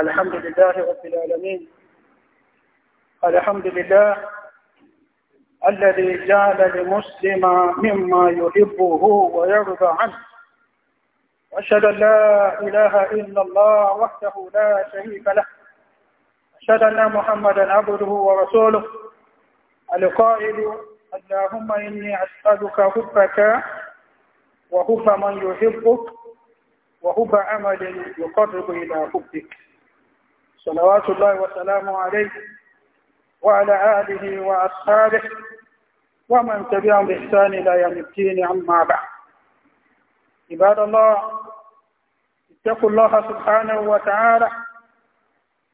الحمد لله رب العالمين الحمد لله الذي جعل المسلم مما يحبه ويرضى عنه وأشهد أن لا إله إلا الله وحده لا شريك له أشهد أن محمدا عبده ورسوله القائل اللهم إني أسألك حبك وحب من يحبك وحب عمل يقرب إلى حبك صلوات الله وسلامه عليه وعلى آله وأصحابه ومن تبعهم بإحسان إلى يوم الدين عما بعد عباد الله اتقوا الله سبحانه وتعالى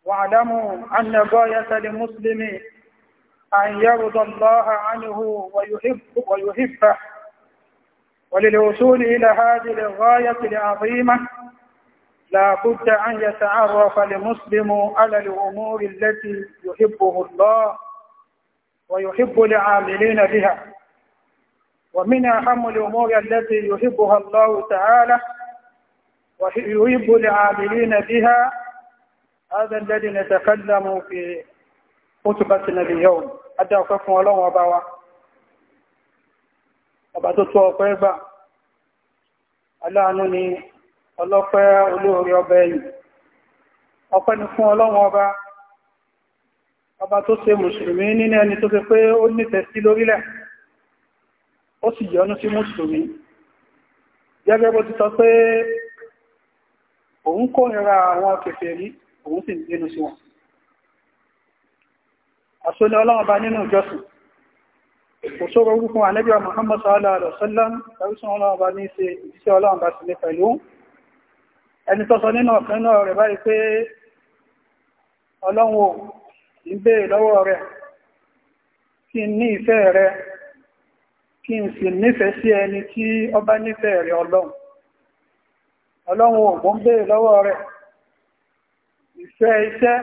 واعلموا أن غاية المسلم أن يرضى الله عنه ويحب ويحبه وللوصول إلى هذه الغاية العظيمة لا بد أن يتعرف المسلم على الأمور التي يحبه الله ويحب العاملين بها ومن أهم الأمور التي يحبها الله تعالى ويحب العاملين بها هذا الذي نتكلم في خطبتنا اليوم أدى أفكم الله وبوا وبعد توقيبا الله أنني ọlọ́pẹ́ olóorí ọba ẹ̀yìn ọpẹ́ ni fún ọlọ́run ọba ọba tó ṣe mùsùlùmí nínú ẹni tó ṣe pé ó nífẹ̀ẹ́ sí lórílẹ̀ ó sì yọ́nú sí mùsùlùmí gẹ́gẹ́ bó ti sọ pé òun kórìíra àwọn kèfèrí òun sì nínú sí wọn àṣóní ọlọ́run bá nínú ìjọsìn kò sóró orúkún ànẹ́bíwà Muhammad sallallahu alaihi wasallam ẹrùsùn ọlọ́run bá ní ṣe ìṣẹ́ ọlọ́run bá sí ní pẹ̀lú ẹni tọ́sọ nínú ọ̀kan náà rẹ̀ báyìí pé ọlọ́run ò ń béèrè lọ́wọ́ rẹ̀ kí n ní ìfẹ́ rẹ̀ kí n sì nífẹ̀ẹ́ sí ẹni tí ọ bá nífẹ̀ẹ́ rẹ̀ ọlọ́run ọlọ́run ò mọ́ ń béèrè lọ́wọ́ rẹ̀ ìfẹ́ iṣẹ́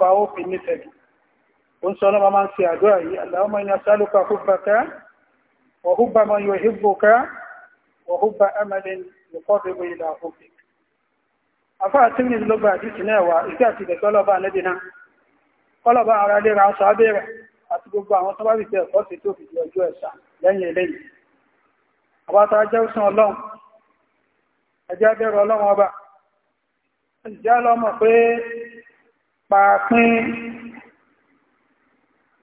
bá ó fi nífẹ̀ẹ́ ó ń sọ ọlọ́mọ máa ń ṣe àdúrà yìí Allahumma inna as'aluka hubbaka wa hubba man وحب أمل يقرب إلى حبك afáà tí ní lọ́gbà àdìsì náà wà ìgbà àti ìgbẹ̀ tọ́lọ́bà lẹ́dìnà kọlọ̀bà ara léra aṣọ abẹ́rẹ̀ àti gbogbo àwọn tó bá rí tẹ́ ọ̀sẹ̀ tó fi di ọjọ́ ẹ̀ṣà lẹ́yìn eléyìí àwátá jẹ́ òsàn ọlọ́run ẹjẹ́ abẹ́rẹ̀ ọlọ́run ọba ìjá lọ́mọ pé pàápín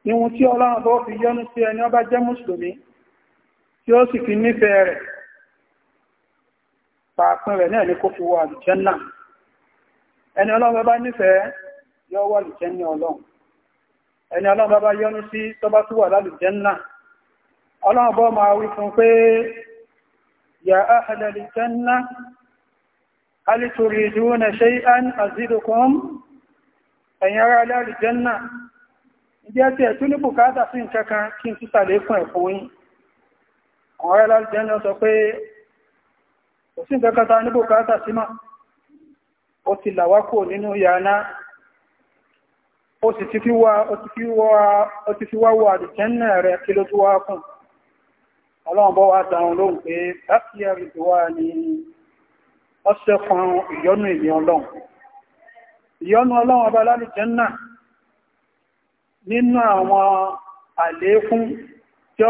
ihun tí ọlọ́run bó fi yọ́nú sí ẹni ọba jẹ́ mùsùlùmí tí ó sì fi nífẹ̀ẹ́ rẹ̀ pàápín rẹ̀ náà ní kó fi wọ àlùjẹ́nà ẹni ọlọ́run bá nífẹ̀ẹ́ yọ wọ àlùjẹ́nà ọlọ́run ẹni ọlọ́run bá yọ́nú sí tó bá túwà lálùjẹ́nà ọlọ́run bọ́ máa wí fún pé yà áhàlẹ̀lì jẹ́nà alìtòrì ìdúró na ṣe án àzídòkún ẹ̀yìn ara lálùjẹ́nà kò sí nǹkan kata a káátà símá ó ti làwákò nínú yàáná ó sì ti fi wá wọ àdìjẹ́nà rẹ̀ kí ló tó wá kùn ọlọ́run wá dáhùn lóhùn pé láfíà ni ọ̀sẹ̀ kan ìyọ́nú ìní ọlọ́run ìyọ́nú ọlọ́run ọba nínú àwọn àlékún tí ó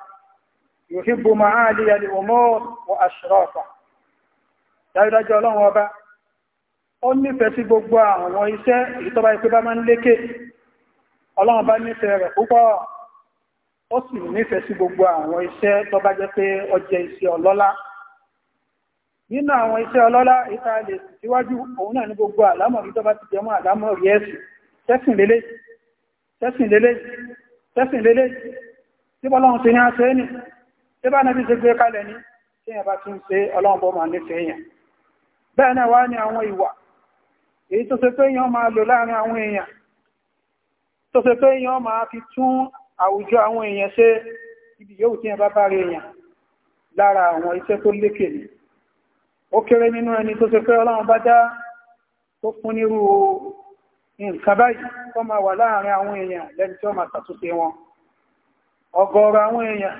يحب معالي الأمور وأشرافه dájúdájú ọlọ́run ọba ó nífẹ̀ẹ́ sí gbogbo àwọn iṣẹ́ ìtọ́ba ìpé bá máa ń lékè ọlọ́run bá nífẹ̀ẹ́ rẹ̀ púpọ̀ ó sì nífẹ̀ẹ́ sí gbogbo àwọn iṣẹ́ tó bá jẹ́ pé ó jẹ́ iṣẹ́ ọlọ́lá nínú àwọn iṣẹ́ ọlọ́lá ìta síwájú òun náà ní gbogbo àlámọ̀rí tó ti jẹmọ́ àlámọ̀rí ẹ̀sìn tẹ́sìn lélẹ̀ tẹ́sìn lélẹ̀ tẹ́sìn lélẹ̀ tí bọ́lọ́run ti ní àṣẹ nì tí bá nàbí ṣe gbé kalẹ̀ ní tí yẹn bá tún ṣe ọlọ́ọ̀bọ̀ ma nífẹ̀ẹ́ yẹn bẹ́ẹ̀ náà wá ní àwọn ìwà èyí tó ṣe pé èèyàn máa lò láàrin àwọn èèyàn tó ṣe pé èèyàn máa fi tún àwùjọ àwọn èèyàn ṣe ibi yóò tí yẹn bá bá rí èèyàn lára àwọn iṣẹ́ tó lékè ní ó kéré nínú ẹni tó ṣe pé ọlọ́run bá dá tó fún nírú nǹkan báyìí tó máa wà láàrin àwọn èèyàn lẹ́ni tí ó máa ṣàtúnṣe wọn ọ̀gọ̀ọ̀rọ̀ àwọn èèyàn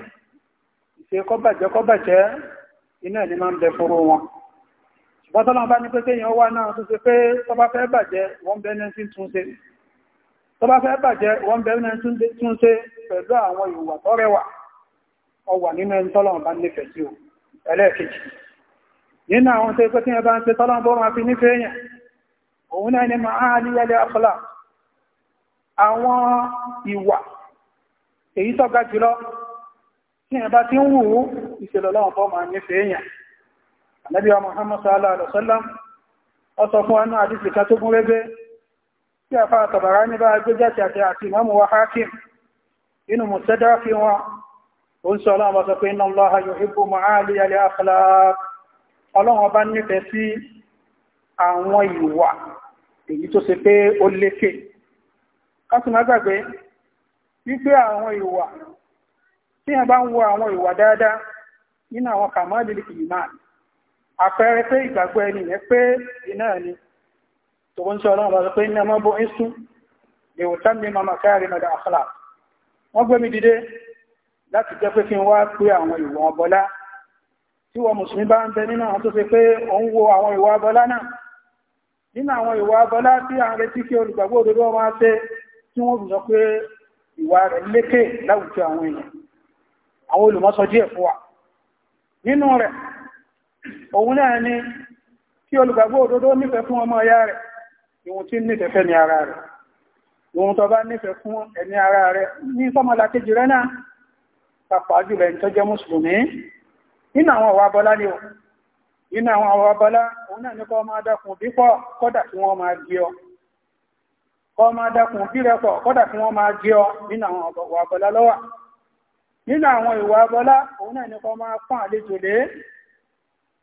ṣe kọ́bàjẹ́ kọ́bàjẹ́ iná ẹni máa ń bẹ fóró wọn ṣùgbọ́n tọ́lọ́n bá ní pé kéèyàn wá náà tó ṣe pé tó bá fẹ́ bàjẹ́ wọ́n bẹ́ ní tí tún ṣe tó bá fẹ́ bàjẹ́ wọ́n bẹ́ ní tí tún ṣe pẹ̀lú àwọn ìwà tó rẹwà ó wà nínú ẹni tọ́lọ́n bá nífẹ̀ẹ́ sí o ẹlẹ́ẹ̀kejì nínú àwọn tó pé tí ń ṣe tọ́lọ́n bó máa fi nífẹ̀ẹ́ èèyàn òun náà ni máa ń yẹlẹ àkọlà àwọn ìwà èyí tó jùlọ tí ẹ bá ti ń wùwú ìṣẹ̀lẹ̀ lọ́wọ́ fọ́ máa nífẹ̀ẹ́ èèyàn ànábì wa Muhammad sallallahu alaihi wasallam ọ sọ fún anú àdìsí ká tó gún rẹ́gbẹ́ tí a fara tàbàrá ní bá sọ ọlọ́run bá sọ pé inna Allaha yuhibbu ma'ali al-akhlaq bá nífẹ̀ẹ́ sí àwọn ìwà èyí tó ṣe pé ó lékè kásùmá gbàgbé wípé àwọn ìwà tí a bá ń wo àwọn ìwà dáadáa nínú àwọn kàmáàlì ìmáà àpẹẹrẹ pé ìgbàgbọ́ ẹni yẹn pé iná ni tó ń sọ ọlọ́run pé iná mọ́bọ ìsú lè wò tán ní mama káàrí mọ́dá àkọlà wọ́n gbé mi dìde láti jẹ́ pé kí n wá pé àwọn ìwà ọbọlá tí wọ́n mùsùlùmí bá ń bẹ nínú àwọn tó ṣe pé òun wo àwọn ìwà ọbọlá náà nínú àwọn ìwà ọbọlá tí a ń retí kí olùgbàgbọ́ òdodo máa ṣe tí wọ́n sọ pé ìwà rẹ̀ lékè láwùjọ àwọn èèyàn àwọn olùmọ́sọ díẹ̀ fún wa nínú rẹ̀ òun náà ni kí olùgbàgbọ́ òdodo nífẹ̀ẹ́ fún ọmọ ọ̀yá rẹ̀ ìwọ̀n tí nífẹ̀ẹ́ fẹ́ ní ara rẹ̀ ìwọ̀n tó bá nífẹ̀ẹ́ fún ẹni ara rẹ̀ ní sọ́mọlá kejì rẹ̀ náà pàpà jùlọ ẹni tó jẹ́ mùsùlùmí nínú àwọn ọ̀wà bọ́lá ni nínú àwọn nínú àwọn ìwà abọ́lá òun náà ni kó máa pọ́n àlejò lé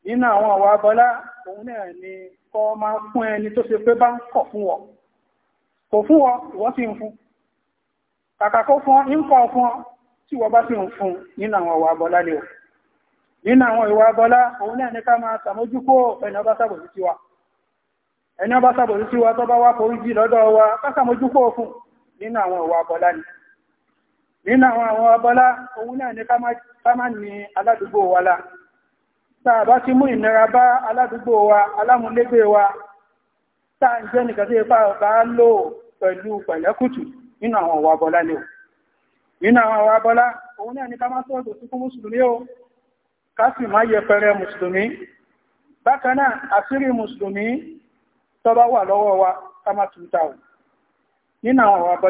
nínú àwọn ìwà abọ́lá òun náà ni kó máa fún ẹni tó ṣe pé bá ń kọ̀ fún wọ kò fún wọ ìwọ sì ń fún kàkà kó fún ń kọ̀ fún ọ tí wọ bá sì ń fún nínú àwọn ìwà abọ́lá lè nínú àwọn ìwà abọ́lá òun náà ni ká máa sàmójúkó ẹni ọba sàbòsí sí wa ẹni ọba sàbòsí sí wa tó bá wá forí jì lọ́dọ̀ wa ká sàmójúkó fún nínú àwọn ìwà abọ́lá ni nínú àwọn àwọn ọbọ́lá òun náà ní ká má ní aládùúgbò wa la táà bá ti mú ìnira bá aládùúgbò wa alámúlégbé wa táà ń jẹ́ nìkan tí ipá bá lò pẹ̀lú pẹ̀lẹ́kùtù nínú àwọn ọwà bọ́lá ni o nínú àwọn ọwà bọ́lá òun náà ní ká má sọ́ọ̀dọ̀ sí fún mùsùlùmí o ká tó bá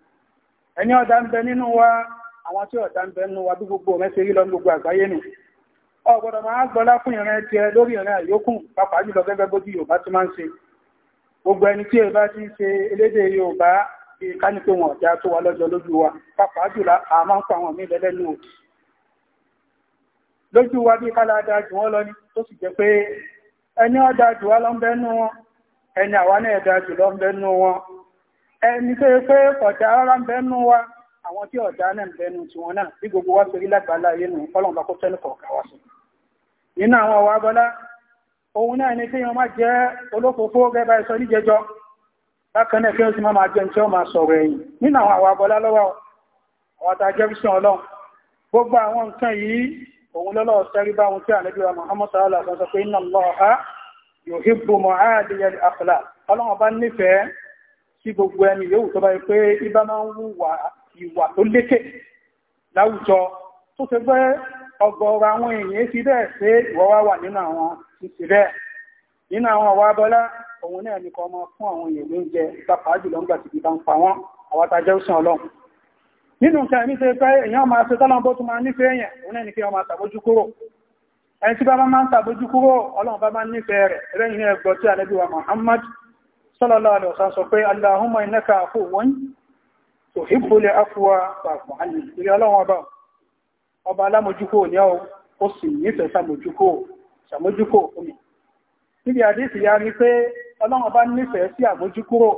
ẹni ọ̀dá ń bẹ nínú wa àwọn tí ọ̀dá ń bẹ nínú wa bí gbogbo mẹ́sẹ̀ rí lọ gbogbo àgbáyé nù ọgbọ̀dọ̀ máa gbọ́lá fún ìran ti ẹ lórí ìran àyókùn pàápàá jùlọ gẹ́gẹ́ bó bí Yorùbá ti máa ń ṣe gbogbo ẹni tí Yorùbá ti ń ṣe elédè Yorùbá ká ní pé wọn ọ̀dá tó wà lọ́jọ́ lójú wa pàápàá jùlọ a máa ń pa àwọn mí lẹ́lẹ́nu òkè lójú wa bí kálá dáa jù wọ́n lọ ni tó sì jẹ́ pé ẹni ọ̀dá jù wá lọ́nbẹ́nu wọn ẹni àwa náà wọn ẹni tó yẹ pé ọ̀dà rárá ń bẹ́nu wa àwọn tí ọ̀dà náà ń bẹ́nu tiwọn náà bí gbogbo wa torí lágbàlá ayé nù fọlọ́n bá kó tẹ́lẹ̀ kọ̀ọ̀kan wá sí. nínú àwọn ọ̀wá abọ́lá òun náà ni kéèyàn má jẹ́ olófòófó gẹ́gẹ́ bá sọ níjẹjọ́ bákan náà kéèyàn sì má máa jẹun tí ó máa sọ̀rọ̀ ẹ̀yìn nínú àwọn àwọn abọ́lá lọ́wọ́ àwọn tá a jẹ́ fíṣàn ọlọ́run gbogbo àwọn nǹkan yìí òun lọ́lọ́ sẹ́rí bá ohun tí ànábì wa Muhammad sallallahu alaihi wasallam sọ pé inna Allaha yuhibbu mu'adiyal akhlaq ọlọ́run bá nífẹ̀ẹ́ sí gbogbo ẹni yóò tó báyìí pé ibá máa ń wùwà ìwà tó lékè láwùjọ tó ṣe pé ọgọ́rọ̀ àwọn èèyàn fi bẹ́ẹ̀ pé ìwọ wá wà nínú àwọn ìsìn bẹ́ẹ̀ nínú àwọn ọwọ́ abọ́lá òun náà nìkan ọmọ fún àwọn èèyàn lóúnjẹ pàápàá jùlọ ń gbà tìbí bá ń pa wọn àwọn tajẹ́ òsàn ọlọ́run nínú nǹkan ẹ̀mí ṣe pé èèyàn máa ṣe tọ́lọ́ bó tún máa nífẹ̀ẹ́ èèyàn òun náà ní kí wọ́n máa tàbójú kúrò ẹni tí bá máa ń tàbójú kúrò ọlọ́run bá máa nífẹ̀ẹ́ rẹ̀ ẹlẹ́yìn ẹgbọ́ tí alẹ́bíwa Muhammad sallallahu alaihi wasallam sọ pé aláhùnmọ̀ innaka afuwun tuhibbul afwa pàpọ̀ alìsírí ọlọ́wọ́n ọba ọba alámojúkò ní ọ ó sì nífẹ̀ẹ́ sàmójúkò sàmójúkò omi níbi àdísì ya rí pé ọlọ́wọ́n bá nífẹ̀ẹ́ sí àmójúkúrò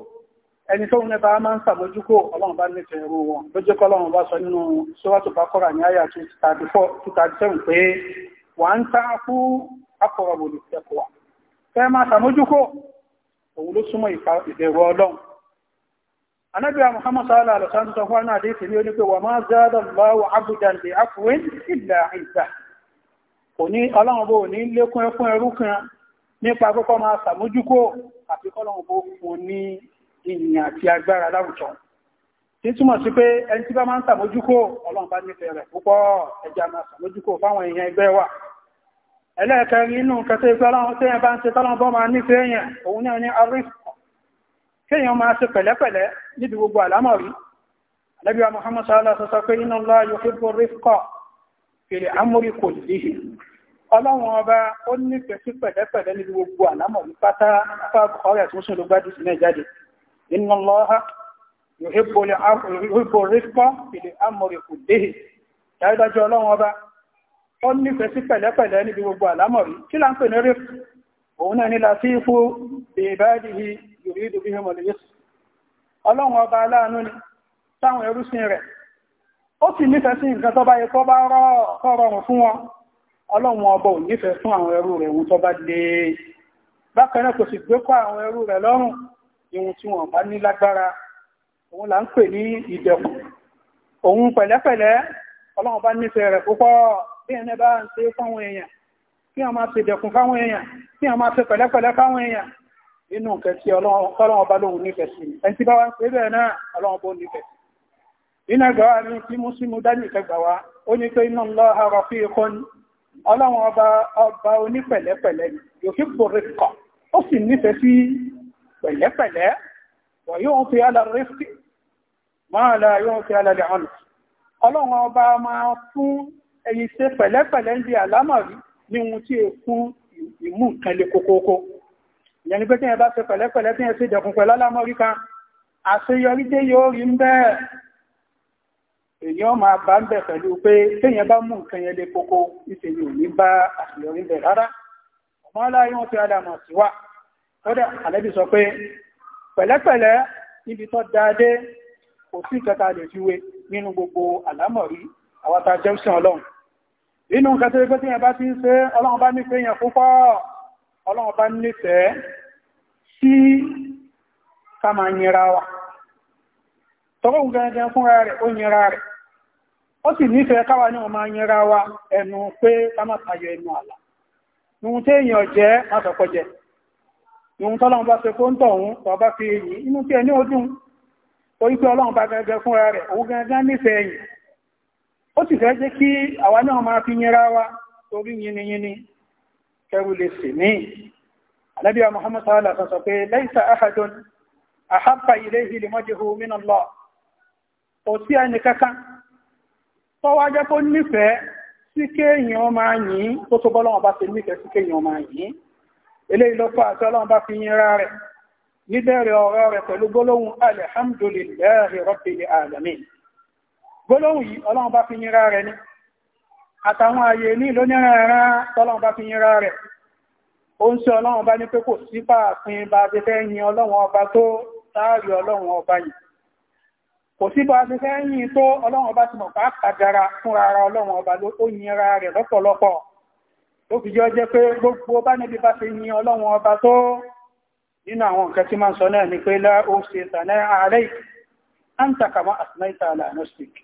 ẹni tó nípa máa ń sàmójúkò ọlọ́wọ́n bá nífẹ̀ẹ́ ru wọn ló jẹ́ kọ́lọ́wọ́n bá sọ nínú sọ́wọ́tò bá kọ́ra ní àyà 237 pé wà ń tá fún akọ̀rọ̀bòlù ẹ̀kọ́ òun ló súnmọ́ ìbẹ̀rù ọlọ́run anábíà muhammad sallallahu alaihi wasallam sọ fún àdé ìfẹ́ ní onípe wà máa zádà láwọ abúdàn lè afúwé ìlà ìgbà kò ní ọlọ́run bó ní lékún ẹkún ẹrú kan nípa pípọ́ máa sàmójúkó àti kọ́lọ́run bó fún ní ìyìn àti agbára láwùjọ tí túmọ̀ sí pé ẹni tí bá máa ń sàmójúkó ọlọ́run bá nífẹ̀ẹ́ rẹ̀ púpọ̀ ẹja máa sàmójúkó fáwọn èèyàn ẹgbẹ́ wa ele inú kẹta ìgbọ́láwọn tí ẹ bá ń ṣe tọ́lọ́n bọ́ máa nífẹ̀ẹ́ èèyàn òun náà ní arif kéèyàn máa ṣe pẹ̀lẹ́pẹ̀lẹ́ níbi gbogbo àlámọ̀rí alẹ́bíwá Muhammad sallallahu ó nífẹ̀ẹ́ sí pẹ̀lẹ́pẹ̀lẹ́ níbi gbogbo àlámọ̀rí kí là ń pè ní rí òun náà ní láti fún ìbáàdìhì yòrídù bí hìmọ̀ lèyí ọlọ́run ọba aláàánú ni táwọn ẹrúsìn rẹ̀ ó sì nífẹ̀ẹ́ sí nǹkan tó bá yẹ kó bá rọrùn fún wọn ọlọ́run ọba ò nífẹ̀ẹ́ fún àwọn ẹrú rẹ̀ ohun tó bá le bákan náà kò sì gbé kọ́ àwọn ẹrú rẹ̀ lọ́rùn ihun tí wọ́n bá ní lágbára òun là ń pè ní ìdẹ̀kùn òun pẹ̀lẹ́pẹ̀lẹ́ ọlọ́run bá nífẹ̀ẹ́ bí ẹni bá ń ṣe fáwọn èèyàn kí wọ́n máa ṣe dẹ̀kùn fáwọn èèyàn kí wọ́n máa ṣe pẹ̀lẹ́pẹ̀lẹ́ fáwọn èèyàn nínú nǹkan tí ọlọ́run ọba lóhun nífẹ̀ẹ́ sí ẹni tí bá wá ń pè bẹ́ẹ̀ náà ọlọ́run bó nífẹ̀ẹ́ sí iná gbàwá mi tí múslímù dání ìkẹgbà wá ó ní pé inna Allaha rafiqun ọlọ́run ọba ọba onípẹ̀lẹ́pẹ̀lẹ́ ni yuhibbu rifqa ó sì nífẹ̀ẹ́ sí pẹ̀lẹ́pẹ̀lẹ́ wa yu'ti ala rifqi ma la yu'ti ala al-'unf ọlọ́run ọba máa fún ẹ̀yin ṣe pẹ̀lẹ́pẹ̀lẹ́ ń di àlámọ̀rí ní ohun tí è fún ìmú nǹkan lè kókókó ìyẹn ni pé tí ẹ bá ṣe pẹ̀lẹ́pẹ̀lẹ́ tí ẹ ṣe dẹ̀kun pẹ̀lú àlámọ̀rí kan àṣeyọrí dé yóò rí ń bẹ́ẹ̀ èyàn máa bá ń bẹ̀ pẹ̀lú pé téèyàn bá mú nǹkan yẹn lè kókó nítorí ò ní bá àṣeyọrí bẹ̀ rárá ọmọ aláyé wọn ti rádà mọ̀ sí wà kódà àlẹ́bí sọ pé pẹ̀lẹ́pẹ̀lẹ́ níbi tó dáadé kò sí ìkẹta lè fi nínú gbogbo àlámọ̀rí àwọn tá a jẹ́ ọlọ́run inú nǹkan tó gbé tíyàn bá ti ń ṣe ọlọ́run bá nífẹ́ èèyàn púpọ̀ ọlọ́run bá nífẹ́ sí ká máa yẹra wa tọ́gbọ́n gẹ́gẹ́ fúnra rẹ̀ ó yẹra rẹ̀ ó sì nífẹ́ káwa ní ọmọ wa ẹnu pé ká má tayọ ẹnu àlà ohun tí èèyàn jẹ́ jẹ ohun tọ́lọ́run bá ṣe kó ń tọ̀hún tọ́ bá fi èyí inú tí orí pé ọlọ́run bá gẹ́gẹ́ fúnra rẹ̀ òun ó ti fẹ́ jẹ́ kí àwa náà máa fi yẹra wa torí yiniyini kẹrù lè sì ní alábíwá muhammadu sallallahu alaihi wasallam sọ pé laysa ahadun ahabba ilayhi limajhu min Allah kò sí ẹni kankan tó wá jẹ́ kó nífẹ̀ẹ́ sí kéèyàn máa yìn tó tó bọ́lọ́wọ́n gbólóhùn yìí ọlọ́run bá fi yínra rẹ̀ ní àtàwọn ààyè ní lónírànrán tọ́lọ́run bá fi yínra rẹ̀ ó ń sí ọlọ́run bá ní pé kò sí pàápín bá ti fẹ́ yin ọlọ́run ọba tó táàrí ọlọ́run ọba yìí kò sí bá ti fẹ́ yin tó ọlọ́run ọba ti mọ̀ bá kàdára fúnra ara ọlọ́run ọba ó yinra rẹ̀ lọ́pọ̀lọpọ̀ ó fi jọ jẹ́ pé gbogbo bá níbi bá ti yin ọlọ́run ọba tó nínú àwọn nǹkan tí máa ń sọ náà ni pé lá ó ṣe tànẹ́ ààrẹ àǹtàkàmọ́ àtìmẹ́ta àlànà sìkì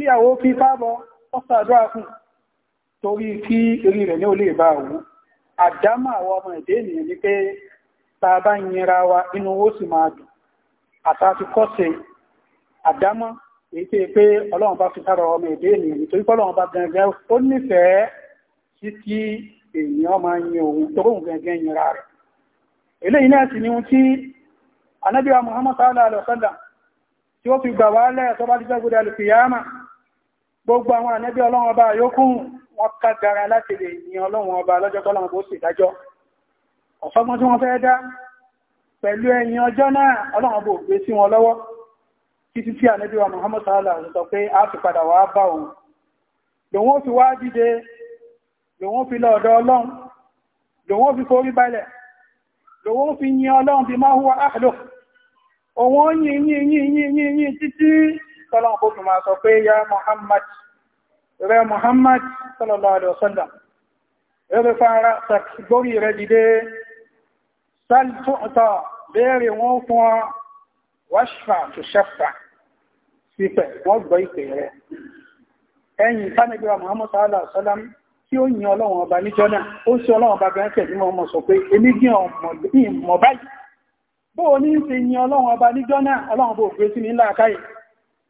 tí àwó fi fábọ̀ ọ́sàdúrà fún torí kí eré rẹ̀ ní olè bá wú àdámà àwọn ọmọ èdè ènìyàn ní pé ta bá yẹra wa inú owó sì máa dùn àtàfi kọ́sẹ̀ àdámà èyí tí pé ọlọ́run bá fi sára ọmọ èdè ènìyàn nítorí pọ́lọ́run bá gẹ̀ẹ́gẹ́ ó nífẹ̀ẹ́ sí kí Muhammad sallallahu alaihi wasallam tí ó fi gbà wálẹ̀ tó bá ti jẹ́ gúdẹ̀ alùpìyàmà gbogbo àwọn ànẹ́bí ọlọ́run ọba yókù wọn ká láti lè ní ọlọ́run ọba lọ́jọ́ tọ́lọ́run bó sì dájọ́ ọ̀sọ́gbọ́n tí wọ́n fẹ́ dá pẹ̀lú ẹ̀yìn ọjọ́ náà ọlọ́run bó gbé sí wọn lọ́wọ́ títí tí ànẹ́bí wa Muhammad a fi wá fi fi fi tọ́lọ́n kó fi máa sọ pé ya Muhammad rẹ Muhammad sallallahu alaihi wasallam rẹ fara sàkígbórí rẹ dìde sáltọ́ọ̀tọ̀ léèrè wọn fún ọ wáṣfà tó ṣẹ́fà sípẹ̀ wọ́n gbọ́ ìpè rẹ ẹ̀yìn tánàgbà Muhammad sallallahu alaihi wasallam tí ó yin ọlọ́run ọba níjọ́ náà ó sí ọlọ́run ọba gan tẹ̀lé mọ́ ọmọ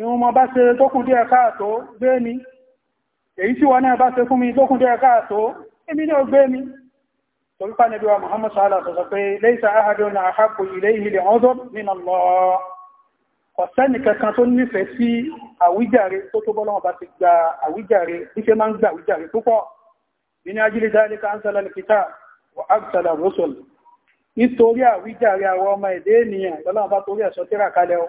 ìwọ̀n mọ bá ṣe tó kù díẹ̀ káàtó gbé mi èyí tí wọ́n náà bá ṣe fún mi tó kù díẹ̀ káàtó èmi náà gbé mi torípa níbi wa Muhammad sallallahu alaihi wasallam pé laysa ahadun ahabbu ilayhi al-'udhr min Allah ọ̀sẹ́ni kankan tó nífẹ̀ẹ́ sí àwíjàre tó tó bọ́lọ́wọ́ bá ti gba àwíjàre iṣẹ́ máa ń gba àwíjàre púpọ̀ nínú àwọn ọmọ ẹ̀dẹ́ ènìyàn lọ́lọ́wọ́ bá torí ẹ̀sọ́ tíra kalẹ̀ ọ́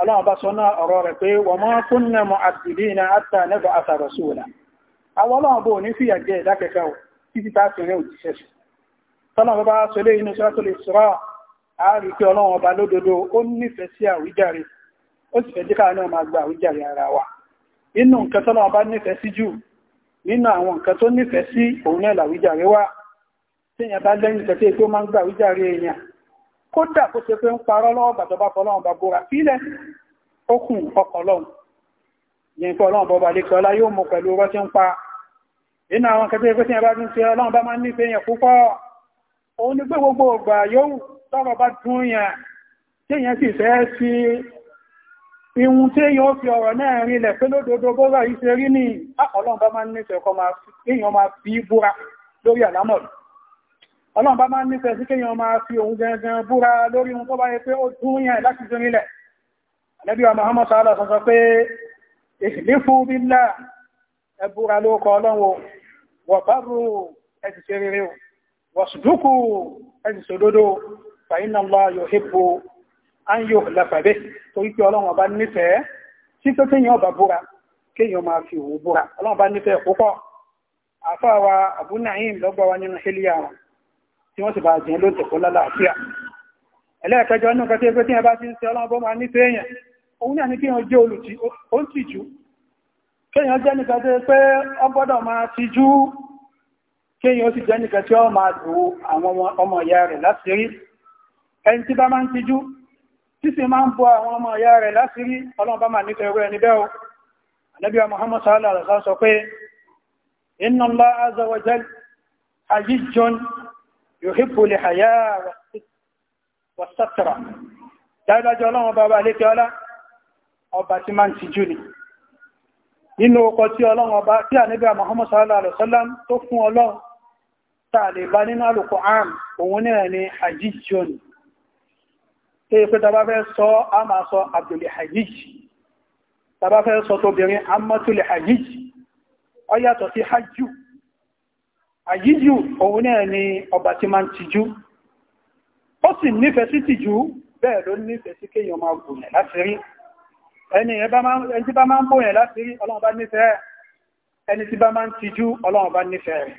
aláwọ̀bá sọ́nà ọ̀rọ̀ rẹ̀ pé wọ́n mọ́ kúnnà mọ́ àdìdí na àtà nẹ́bà àtàrà sóòlà àwọn ọlọ́wọ̀bá ò ní fi àjẹ́ ìdákẹ́kẹ́ ò títí tá sí rẹ̀ òjíṣẹ́ sí tọ́lọ̀bá bá sọ lé inú sọ́tọ̀ lè sọ́rọ̀ àárí pé ọlọ́wọ̀n ọba lódodo ó nífẹ̀ẹ́ sí àwíjàre ó sì fẹ́ jíkà náà máa gba àwíjàre kódà kó ṣe pé ń parọ́ lọ́wọ́ bàtọ́bá fọlọ́run bá bóra sílẹ̀ okùn ọkọ̀ lọ́run yẹn fọ́ ọlọ́run bọ́ba lékọ́ ọlá yóò mú pẹ̀lú ọrọ́ tí ń pa inú àwọn kẹfẹ́ pé tí ẹ bá tún ṣe ọlọ́run bá máa ń nífẹ̀ẹ́ yẹn púpọ̀ ni pé gbogbo ọgbà yóò tọ́rọ̀ bá dún yẹn tí yẹn sì fẹ́ sí ihun tí yóò fi ọ̀rọ̀ náà rinlẹ̀ pé lódodo bọ́ra yìí ṣe rí ní ọlọ́run bá máa ń nífẹ̀ẹ́ kọ́ máa ọlọ́run bá máa ń nífẹ̀ẹ́ sí kéèyàn máa fi òun gangan búra lórí ohun tó bá yẹ pé ó dún yàn láti jó nílẹ̀ ànábì wa Muhammad sallallahu alaihi wasallam pé ìhìlífù bílá ẹ búra lóókọ ọlọ́run wọ̀ bárò ẹ ti ṣe rere wọ̀ sùdúkù ẹ ti ṣòdodo fa inna nínú hélíà wọn tí wọ́n sì bá jẹ́ ló tẹ̀kọ́ lálàáfíà ẹlẹ́ẹ̀kẹjọ inú kẹtẹ́ pé tí ẹ bá ti ń ṣe ọlọ́ọ̀bọ́ máa ní fẹ́yàn òun náà ní kí wọ́n jẹ́ olùtí ó ń tìjú kéèyàn jẹ́ nìkan tó pé ọ gbọ́dọ̀ máa tìjú kéèyàn ó sì jẹ́ nìkan tí ó máa dù àwọn ọmọ ìyá rẹ̀ láṣìírí ẹni tí bá máa ń tìjú tí sì máa ń bọ àwọn ọmọ ìyá rẹ̀ láṣìírí ọlọ́run bá máa nífẹ̀ẹ́ rẹ̀ níbẹ̀ o ànábì Muhammad sallallahu alaihi wasallam sọ pé inna Allah azawajal wa jal yòhìbù lè àyà wọ̀sátara dájájọ́ ọlọ́run bàbá lékẹ́ ọlá ọba tí máa ń tijú ni nínú ọkọ̀ tí ọlọ́run ọba tí àníbà Muhammad sallallahu alaihi wasallam tó fún ọlọ́run tàà lè bá nínú àlùkò àm òun náà ni àjíjọ ni tó yẹ pé àyíjù òun náà ni ọba tí máa ń tijú ó sì nífẹ̀ẹ́ sí tìjú bẹ́ẹ̀ ló nífẹ̀ẹ́ sí kéèyàn máa bòyàn láti rí ẹni tí bá máa ń bòyàn láti rí ọlọ́run bá nífẹ̀ẹ́ ẹni tí bá máa ń tijú ọlọ́run bá nífẹ̀ẹ́ rẹ̀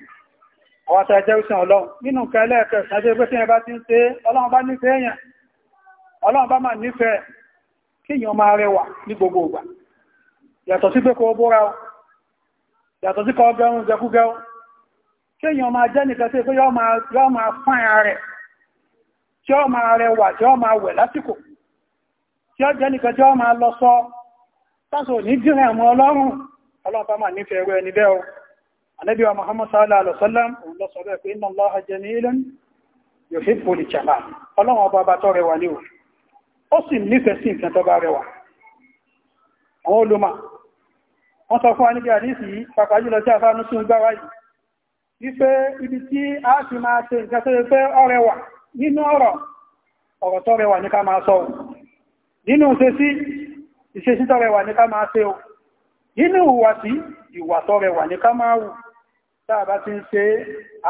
ọwọ́ tẹ́ jẹ́ òsìn ọlọ́run nínú nǹkan ẹlẹ́ẹ̀kẹ́sàn jẹ́ pé tí ẹ bá ti ń ṣe ọlọ́run bá nífẹ̀ẹ́ èèyàn kéèyàn máa jẹ́ nìkan tí yọ́ máa fán ara rẹ̀ tí ó máa rẹwà tí ó máa wẹ̀ lásìkò tí ó jẹ́ nìkan tí ó máa lọ sọ tásò ní dìrẹ̀ àmọ́ ọlọ́run ọlọ́run bá máa nífẹ̀ẹ́ rẹ̀ níbẹ̀ o Ànábì wa Muhammad sallallahu alaihi wasallam òun lọ sọ bẹ́ẹ̀ pé inna Allaha jamilun yuhibbul jamal ọlọ́run ọba wọ́n sọ fún wa níbi àdísì yìí pàpàjùlọ tí a fánú sí gbára yìí wípé ibi tí a ti máa ṣe nǹkan tó pé ọrẹwà nínú ọ̀rọ̀ ọ̀rọ̀ tó rẹwà ní ká máa sọ nínú ìṣesí ìṣesí tó ní ká máa ṣe o nínú ìwàsí ìwà tó rẹwà ní ká máa wù tàbá ti ń ṣe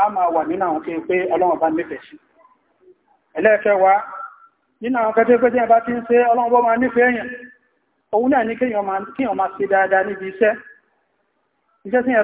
a máa wà nínú àwọn kìí pé ọlọ́run bá nífẹ̀ẹ́ sí a bá ti ń ṣe ọlọ́run bó máa nífẹ̀ẹ́ èèyàn òun náà ní kíyàn máa ṣe dáadáa níbi iṣẹ́ iṣẹ́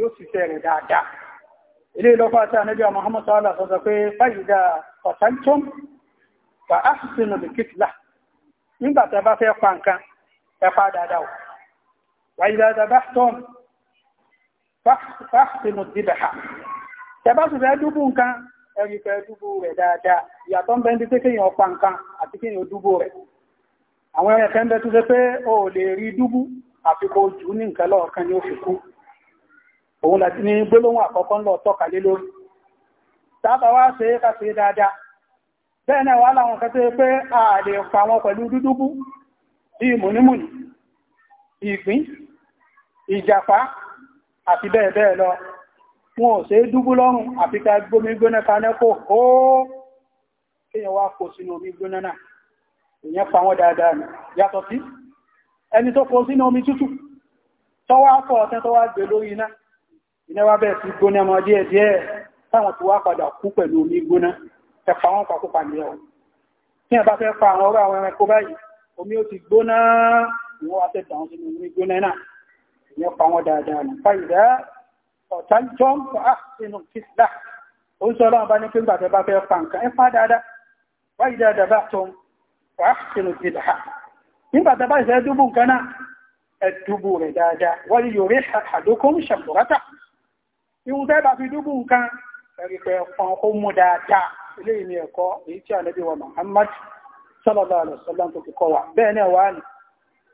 yóò sì fẹ́ rẹ̀ dáadáa ilé ìlọ́fà tí a níbi àwọn Muhammad sọ́lá sọ́sọ́ pé fàyídà ọ̀tántum wà á sì sínú lè kìtìlá nígbà tí a bá fẹ́ pa nǹkan ẹ pa dáadáa o wàyídà dábà tọ́m fàṣínú dìbẹ̀ ha tẹ bá sì fẹ́ dúbù nǹkan ẹ rí fẹ́ dúbù rẹ̀ dáadáa ìyàtọ̀ ń bẹ ní pé àwọn ẹ̀kẹ́ ń bẹ tó ṣe pé o lè rí dúbù àfikò jù ní nǹkan lọ́ọ̀kan ni ó fi kú òun láti ní gbólóhùn àkọ́kọ́ ń lọ tọ́ka lé lórí tábà wá ṣe é ká ṣe dáadáa bẹ́ẹ̀ náà wá láwọn kan tó pé a lè pa wọn pẹ̀lú dúdúbú bíi mùnímùní ìgbín ìjàpá àti bẹ́ẹ̀ bẹ́ẹ̀ lọ wọn ò ṣe é dúbú lọ́rùn àfi ká gbómi gbóná kaná kò ó kéèyàn wá kó sínú omi gbóná náà èèyàn pa wọn dáadáa ni yàtọ̀ sí ẹni tó kó sínú omi tútù tọ́wọ́ akọ̀ ọ̀tẹ́ tọ́wọ́ gbé lórí náà iná wá bẹ̀rẹ̀ sí gbóná ọmọ díẹ̀ díẹ̀ táwọn tó wá padà kú pẹ̀lú omi gbóná ẹ̀fà wọn pàkópa ní ẹ̀wọ̀n tí ẹ bá fẹ́ pa àwọn ọ̀rọ̀ àwọn ẹranko báyìí omi ó ti gbóná ìwọ́n wá fẹ́ dàn sínú omi gbóná náà ìyẹn pa wọn dáadáa nù fa ìdá ọ̀tá jọ ń pa sínú kìsìlá ó ń sọ ọlọ́run bá ní pé gbàtẹ́ bá fẹ́ pa nǹkan ẹ pa dáadáa wá ìdá dàbà tó ihun tẹ́ bá fi dúbù nǹkan ẹ̀rìpẹ̀ ọ̀pọ̀n kó mú dáadáa ilé ìní ẹ̀kọ́ èyí tí ànábì wa Muhammad sallallahu alaihi wasallam tó fi kọ́ wa bẹ́ẹ̀ náà wà ní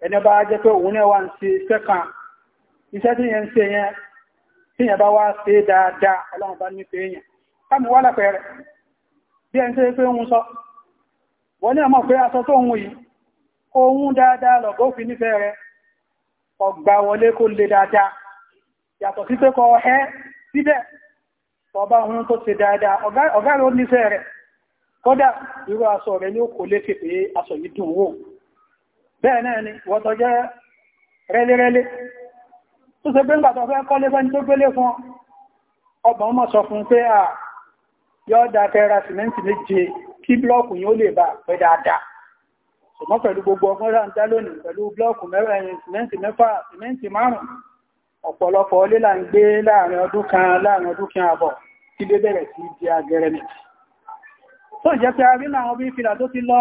ẹni bá jẹ́ pé òun náà wà ń ṣe iṣẹ́ kan iṣẹ́ tí yẹn ń ṣe yẹn tí yẹn bá wá ṣe dáadáa ọlọ́run bá nífẹ̀ẹ́ yẹn káàmù wà lápẹẹrẹ bí ẹni tó yẹ pé òun sọ wọ́n ní ọmọ pé aṣọ tó ń yìí ohun dáadáa lọ̀gbọ́ fi nífẹ̀ẹ́ rẹ ọgbà wọlé kó le yàtọ̀ sí pé kọ ẹ́ síbẹ̀ ọba ohun tó ṣe dáadáa ọ̀gá rẹ̀ ó níṣẹ́ rẹ̀ kódà irú aṣọ rẹ̀ ní ó kò lékè pé aṣọ yìí dùn wò bẹ́ẹ̀ náà ni wọ́n tọ́ jẹ́ rẹ́lẹ́rẹ́lẹ́ tó ṣe pé ń gbàtọ̀ fẹ́ kọ́lé fẹ́ni tó gbélé fún ọgbọ̀n mọ̀ sọ fún pé à yọ́ da tẹ́ra sìmẹ́ntì méje kí blọ́ọ̀kù yóò lè bá pẹ́ dáadáa ṣùgbọ́n pẹ̀lú gbogbo ọgbọ́n ráńdá lónìí pẹ̀lú blọ́ọ̀kù mẹ́rin sìmẹ́ntì mẹ́fà sìmẹ́ntì márùn-ún ọ̀pọ̀lọpọ̀ olé là ń gbé láàrin ọdún kan láàrin ọdún kan àbọ̀ tí dé bẹ̀rẹ̀ sí di agẹrẹmì tó jẹ́ pé a rí náà bí fìlà tó ti lọ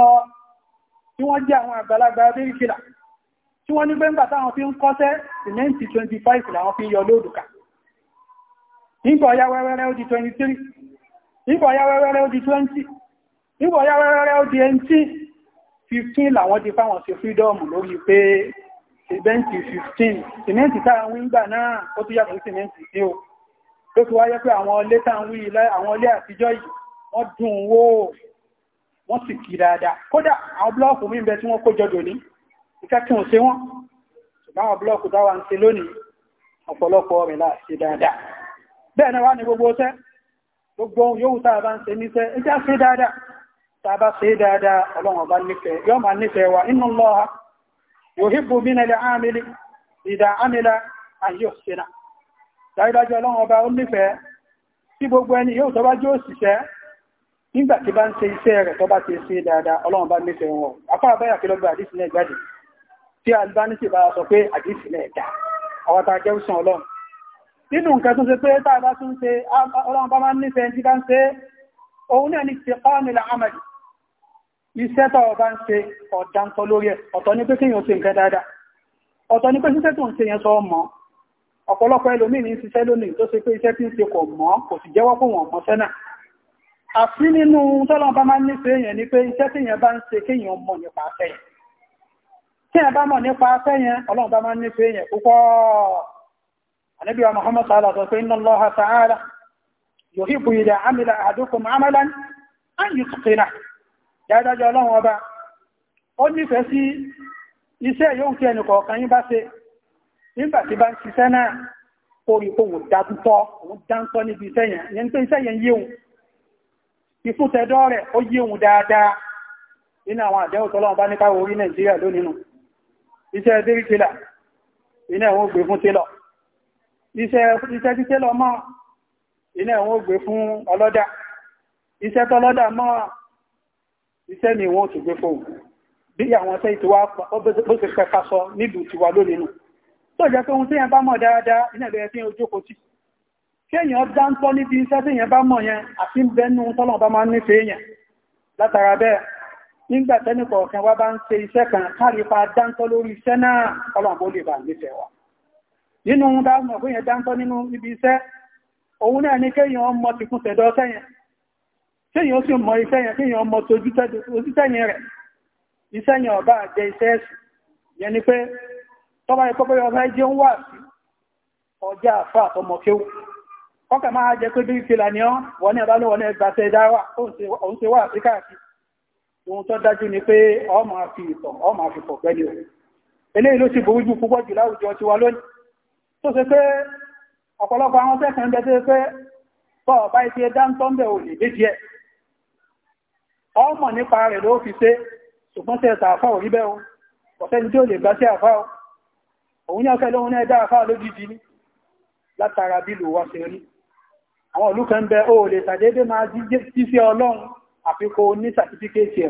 tí wọ́n jẹ́ àwọn àgbàlagbà bí fìlà tí wọ́n ní gbẹ́ngbà táwọn fi ń kọ́sẹ́ sìmẹ́ǹtì 25 làwọn fi yọ lóòdùkà nígbà ọ̀yá wẹ́wẹ́rẹ́ ó di 23 nígbà ọ̀yá wẹ́wẹ́rẹ́ ó di 20 nígbà ọ̀yá wẹ́wẹ́rẹ́ ó di 18 15 làwọn di fáwọn ṣe fídọ́ọ̀mù lórí pé sìmẹ́ntì 15 sìmẹ́ntì táà ń gbà náà ó tó yàtọ̀ sìmẹ́ntì sí o ló ti wáyé pé àwọn ilé táà ń wí àwọn ilé àtijọ́ yìí wọ́n dùn wó wọ́n sì kì dáadáa kódà àwọn blọ́ọ̀kù mí bẹ tí wọ́n kó jọdọ̀ ní ìkẹ́kùn sí wọ́n ṣùgbọ́n àwọn blọ́ọ̀kù táwa ń ṣe lónìí ọ̀pọ̀lọpọ̀ rẹ̀ láti dáadáa bẹ́ẹ̀ náà wá ní gbogbo ṣẹ́ gbogbo yóò tàà bá ń ṣe níṣẹ́ ẹjá ṣe dáadáa tàà bá ṣe dáadáa ọlọ́run ọba nífẹ̀ẹ́ yọ́ máa nífẹ̀ẹ́ wa inú lọ́ha yòhìbù mínà lè ámìlì ìdá ámìlà ayé òṣìṣẹ́nà dájúdájú ọlọ́run ọba ó nífẹ̀ẹ́ tí gbogbo ẹni yóò tọ́bá jó òṣìṣẹ́ nígbà tí bá ń ṣe iṣẹ́ rẹ̀ tọ́bá ti ṣe dáadáa ọlọ́run bá nífẹ̀ẹ́ wọn apá àbáyà kí lọ́gbà àdísì náà jáde tí albanisi bá sọ pé àdísì náà dá àwọn iṣẹ́ tọ́ ọba ń ṣe ọ̀dántọ́ lórí ẹ̀ ọ̀tọ̀ ní pé kíyàn ṣe nǹkan dáadáa ọ̀tọ̀ ní pé ṣiṣẹ́ tó ń ṣe yẹn sọ mọ́ ọ̀pọ̀lọpọ̀ ẹlòmíì ní ṣiṣẹ́ lónìí tó ṣe pé iṣẹ́ tí ń ṣe mọ́ kò sì jẹ́wọ́ fún wọn mọ́ṣẹ́ náà àfi nínú bá máa ń ní ṣe ni pé iṣẹ́ tí yẹn bá ń ṣe mọ̀ nípa afẹ́ yẹn tí yẹn bá mọ̀ nípa afẹ́ yẹn ọlọ́run bá máa ń ní ṣe púpọ̀ dájájọ́ ọlọ́run ọba ó nífẹ̀ẹ́ sí iṣẹ́ yóò tí ẹnìkọ̀ọ̀kan yí bá ṣe nígbàtí bá ń ṣiṣẹ́ náà kó rí kó wọ́n dántọ́ wọ́n níbi iṣẹ́ yẹn yẹn pé iṣẹ́ yẹn yíhun rẹ̀ ó yíhun dáadáa nínú àwọn iṣẹ́ ni wọ́n ti gbé fóun bí àwọn tẹ́ ìtiwá bó ti pẹ̀ka sọ nílùú tiwa lónìí nù tó jẹ́ pé ohun tí yẹn bá mọ̀ dáadáa iná ìbẹ̀rẹ̀ tí yẹn ojú kò tí kí èyàn dáńtọ́ níbi iṣẹ́ tí yẹn bá mọ̀ yẹn àti ń bẹnu tọ́lọ̀ bá máa ń nífẹ̀ẹ́ yẹn látara bẹ́ẹ̀ nígbà tẹ́nì kọ̀ọ̀kan wá bá ń ṣe iṣẹ́ kan kárípa dáńtọ́ lórí iṣẹ́ náà tọ́lọ̀ bó lè bà nífẹ̀ẹ́ wa nínú ohun bá mọ̀ pé yẹn dáńtọ́ nínú ibi iṣẹ́ òun náà ní kéèyàn mọ̀ tìkún sẹ́yìn kéèyàn sì mọ iṣẹ́ yẹn kéèyàn mọ tojú tẹ́jẹ́ rẹ̀ iṣẹ́ yẹn ọba àjẹ iṣẹ́ ẹ̀sùn yẹn ni pé tọ́ba ikọ́ bóyá ọba ẹjẹ́ ń wà sí ọjà àfà àtọmọ kéwù ọkà máa jẹ pé bí ìfìlà ni ọ́ wọ́n ní àbálò wọ́n ní ẹgbàṣẹ́ dáwà òun ṣe wà sí káàkiri ohun tó dájú ni pé ọmọ àfi ìtọ̀ ọmọ àfi pọ̀ ọmọ nípa rẹ̀ ló fi ṣe ṣùgbọ́n tẹ́ ẹ̀ta àfá òrí bẹ́ẹ̀ ọ̀fẹ́ni tí ó lè gbá sí àfá òun yá fẹ́lẹ́ òun ẹ̀dá àfá lójíjì ní látara bí lò wá ṣe rí àwọn ìlú kan bẹ ó lè tàdédé máa jíṣẹ́ ọlọ́run àfikò ní sàtífíkéètì ẹ̀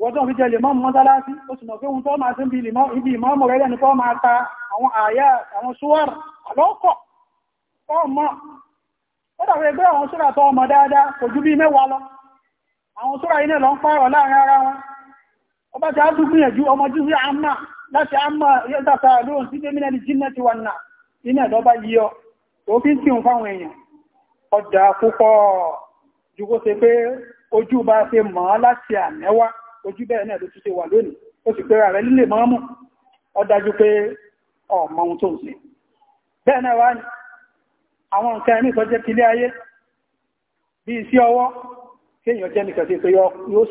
wọ́n fi jẹ lèmọ́ mọ́sálásí ó sì mọ̀ pé ohun tó máa sí ibi ìmọ́mù rẹ̀ ní kọ́ máa ta àwọn àyà àwọn ṣúwàr àlọ́kọ̀ ọmọ ó dàbí ẹgbẹ́ àwọn ṣúra tó ọmọ dáadáa kò jú bí mẹ́wàá lọ àwọn ṣúra iná lọ ń pààrọ̀ láàrin ara wọn ó bá ti á tún gbìyànjú ọmọ jú sí àmà láti àmà yẹ́sàtà lóhun sí démínẹ́lì jínà ti wọnà iná ẹ̀dọ́ bá yí ọ tó fi ń kírun fáwọn èèyàn ọjà ojú bẹ́ẹ̀ náà ló ti ṣe wà lónìí ó sì pẹ́ra rẹ̀ lílè mọ́mù ó dájú pé ọmọ ohun tó ń ṣe bẹ́ẹ̀ náà wá ní àwọn nǹkan ẹ̀mí ìtọ́jẹ́ ayé bí iṣẹ́ ọwọ́ kéèyàn jẹ́ nìkan sí pé yóò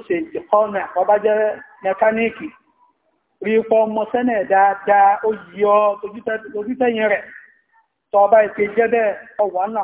ṣe ìkọ́nà ọba jẹ́ mẹkáníìkì rí pọ́ ọmọ sẹ́nẹ̀ dáadáa ó ojútẹ́yìn rẹ̀ ọba ìpe jẹ́ bẹ́ẹ̀ ọwọ́ náà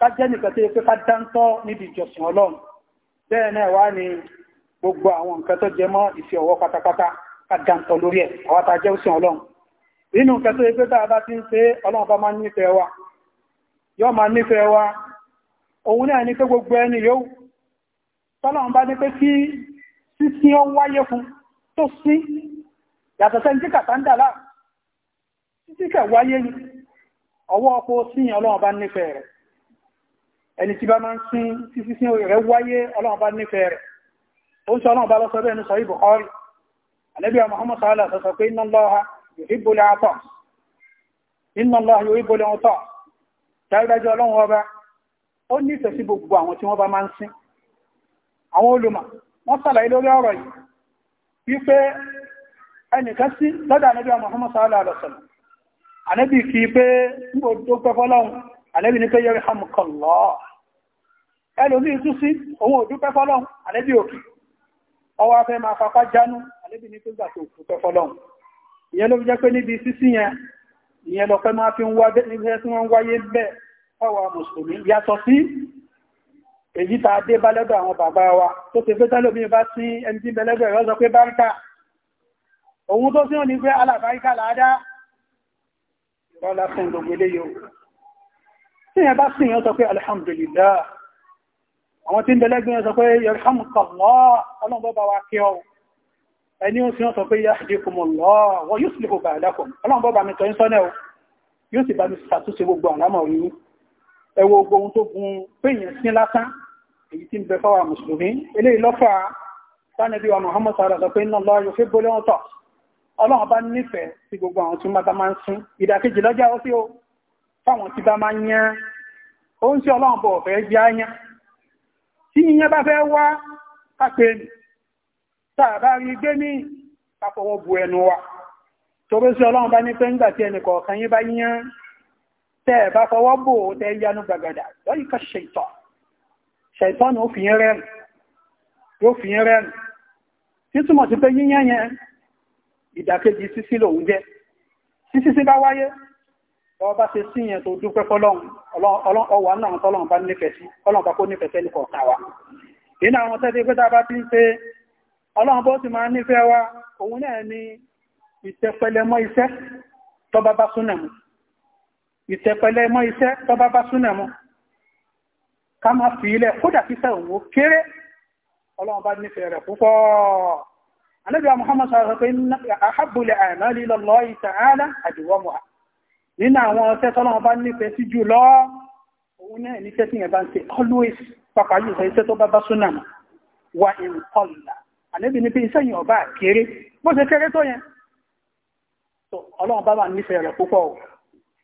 kájẹ́ nìkan tó yẹ pé ká dáńtọ́ níbi ìjọsìn ọlọ́run bẹ́ẹ̀ náà wá ní gbogbo àwọn nǹkan tó jẹ mọ́ ìfẹ́ ọwọ́ pátápátá ká dáńtọ́ lórí ẹ̀ àwọn tá a jẹ́ òsìn ọlọ́run nínú nǹkan tó yẹ pé tá a bá ti ń ṣe ọlọ́run bá máa nífẹ̀ẹ́ wa yóò máa nífẹ̀ẹ́ wa òun náà ní pé gbogbo ẹni yóò tọ́lọ́run bá ní pé kí sísín ó wáyé fún tó sí yàtọ̀ sẹ́ni tí kàtà ń dà láà títí kẹ̀ wáyé ni ọwọ́ ọkọ̀ síyàn ọlọ́run bá nífẹ̀ẹ́ rẹ̀ ẹni tí bá máa ń sín títí sí rẹ̀ wáyé ọlọ́run bá nífẹ̀ẹ́ rẹ̀ ó ń sọ ọlọ́run bá lọ́sọ bẹ́ẹ̀ ní sọ ibù kọ́rì ànábì Muhammad sọ́lá sọ pé iná lọ́ha yóò ìbòlẹ̀ ọtọ̀ iná lọ́ha yóò ìbòlẹ̀ ọtọ̀ dájúdájú ọlọ́run ọba ó nífẹ̀ẹ́ sí gbogbo àwọn tí wọ́n bá máa ń sín àwọn olùmọ̀ wọ́n sàlàyé lórí àlẹ́bí ní pé yẹ́rì hàmùkọ̀lọ́ ẹlòmí tún sí ohun òdúpẹ́ fọ́lọ́n àlẹ́bí òkè ọwọ́ afẹ́ máa fapá jánú àlẹ́bí ní pé gbà tó òkúpẹ́ fọ́lọ́n ìyẹn ló fi jẹ́ pé níbi sísí yẹn ìyẹn tó sí òní pé alábáríkà làádá lọ́lá fún gbogbo eléyìí tí ẹ bá sí ìyàn sọ pé alhamdulillah àwọn tí ń dẹ̀lẹ́gbẹ̀ yẹn sọ pé yarhamukallah ọlọ́run bá wa kí ọ ẹni ó sì yàn sọ pé yahdikumullah wa yuslihu ba'dakum ọlọ́run bá mi tọ́ ìsọ́nẹ́ o yóò sì bá mi ṣàtúnṣe gbogbo àlámọ̀ yìí ẹwọ gbogbo ohun tó gun péyàn sí lásán èyí tí ń bẹ fáwà mùsùlùmí eléyìí lọ́fà sánẹ́bí wa Muhammad sallallahu pé inna Allah yuhibbu al-muttaqin ọlọ́run bá nífẹ̀ẹ́ sí gbogbo àwọn tí ó máa máa ń sín ìdàkejì lọ́jà ó sí o fáwọn tí bá máa ń yán ó ń sí ọlọ́run bọ̀ fẹ́ jẹ́ áyán tí yíyán bá fẹ́ wá kápẹ́ tààbá rí gbé ní àfọwọ́ bu ẹnu wa torí sí ọlọ́run bá ní pé ńgbà tí ẹnì kọ̀ọ̀kan yín bá yán tẹ́ ẹ̀ bá fọwọ́ bò ó tẹ́ yánú gbàgàdà lọ́yìn ká wọ́n bá ṣe sí yẹn tó dúpẹ́ fọ́lọ́run ọwà náà tọ́lọ́run bá nífẹ̀ẹ́ sí ọlọ́run bá kó nífẹ̀ẹ́ sẹ́ni kọ̀ọ̀kan wa nínú àwọn tẹ́tí pé tá a bá ti ń ṣe ọlọ́run bó ti máa nífẹ̀ẹ́ wa òun náà ni ìtẹpẹlẹmọ́ iṣẹ́ tọ́ba bá súnà mu ìtẹpẹlẹmọ́ iṣẹ́ tọ́ba bá súnà mu ká máa fi ilẹ̀ kódà fífẹ́ òun ó kéré ọlọ́run bá nífẹ̀ẹ́ rẹ̀ púpọ̀ anábìá muhammad sọ̀rọ̀ pé àhábùlẹ̀ àmàlì lọ́lọ́ ìtàn nínú àwọn ọ̀sẹ́ tọ́lọ́wọ́ bá nífẹ̀ẹ́ sí jù lọ òun náà nífẹ̀ẹ́ sí yẹn ń ṣe always pàpà yìí sọ iṣẹ́ tó bá bá súnà wà in kọlùlà àlébì ní bí iṣẹ́ yìí ọba kéré bó ṣe kéré tó yẹn tó ọlọ́run bá wà nífẹ̀ẹ́ rẹ̀ púpọ̀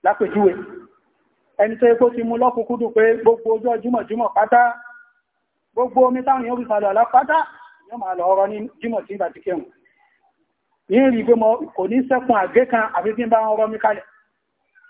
lápèjúwe ẹni tó yẹ kó ti mú lọ́kùnkúndùn pé gbogbo ọjọ́ jùmọ̀jùmọ̀ pátá gbogbo omi táwọn yóò fi sàlọ̀ ọ̀la pátá yóò máa lọ ọrọ̀ ní jùmọ̀ tí ìbàdí kẹrùn ní rí pé mo kò ní sẹ́kùn àgé kan àfi tí ń bá wọn rọ́ mi kalẹ̀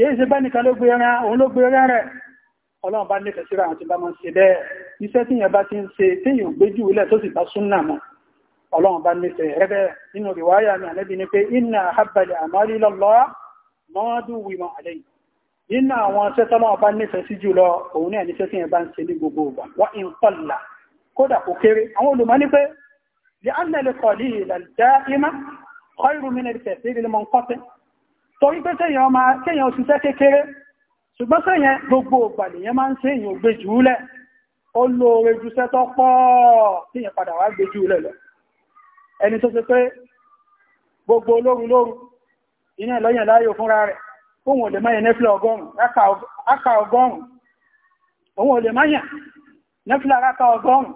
kìí ṣe bẹ́nìkan ló gbé ẹran òun ló gbé ẹran rẹ̀ ọlọ́run bá nífẹ̀ẹ́ síra àwọn tí bá máa ń ṣe bẹ́ẹ̀ iṣẹ́ tí yẹn bá ti ń ṣe téèyàn ò gbéjú ilẹ̀ tó sì bá súnnà mọ́ ọlọ́run bá nífẹ̀ẹ́ rẹ̀ nínú rìwáyà mi àlẹ́bí ni pé inna ahabbal a'mali ilallah mọ́ọ́dún wìmọ̀ àlẹ́yìn nínú àwọn iṣẹ́ tọ́lọ́wọ́ bá nífẹ̀ẹ́ sí jùlọ òun náà níṣẹ́ ń kọ́ ìrùmínà torí pé kéèyàn òṣìṣẹ́ kékeré ṣùgbọ́n sẹ́yẹn gbogbo ògbàlèyàn máa ń ṣe èyàn gbé jùúlẹ̀ ó lóore jùṣẹ́ tó pọ̀ tíyàn padà wá gbé jùúlẹ̀ lọ ẹni tó ṣe pé gbogbo olóru lóru iná ìlọ́yìn láyò fúnra rẹ̀ ohun olè máyẹ̀ nẹ́fìlà ọgọ́rùn-ún rákà ọgọ́rùn-ún ohun olè máyẹ̀ nẹ́fìlà rákà ọgọ́rùn-ún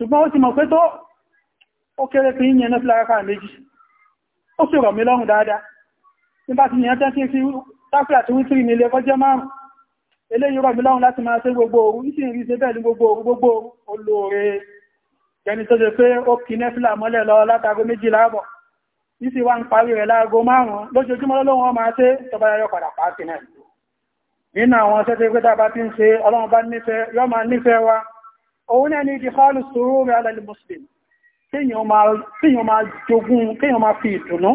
ṣùgbọ́n ó ti mọ̀ pé tó ó kéré kí yínyẹn náà fìláraka méjì ó sì rọ̀ mí lọ́rùn dáadáa nígbà tí yẹn tẹ́sí sí tápì àti wítírì ní ilé kọjẹ́ márùn eléyìí rọ̀ mí lọ́rùn láti máa ṣe gbogbo òru ní sì rí ṣe bẹ́ẹ̀ ní gbogbo òru gbogbo òru olóore ẹni tó ṣe pé ó kì nẹ́fìlà mọ́lẹ̀ lọ látago méjì láàbọ̀ ní sì wá ń parí rẹ̀ láago márùn-ún lójoojúmọ́ lọ́wọ́ wọn máa ṣe tọba yọ padà pàápì náà nínú àwọn ṣẹ́ṣẹ́ pé tá a bá ti ń ṣe ọlọ́run bá nífẹ̀ẹ́ yọ́ máa nífẹ̀ẹ́ wa òun náà ni ìdíkọ́lù sùúrù rẹ̀ alẹ́lẹ́ muslim kíyàn máa jogún kíyàn máa fi ìdùnnú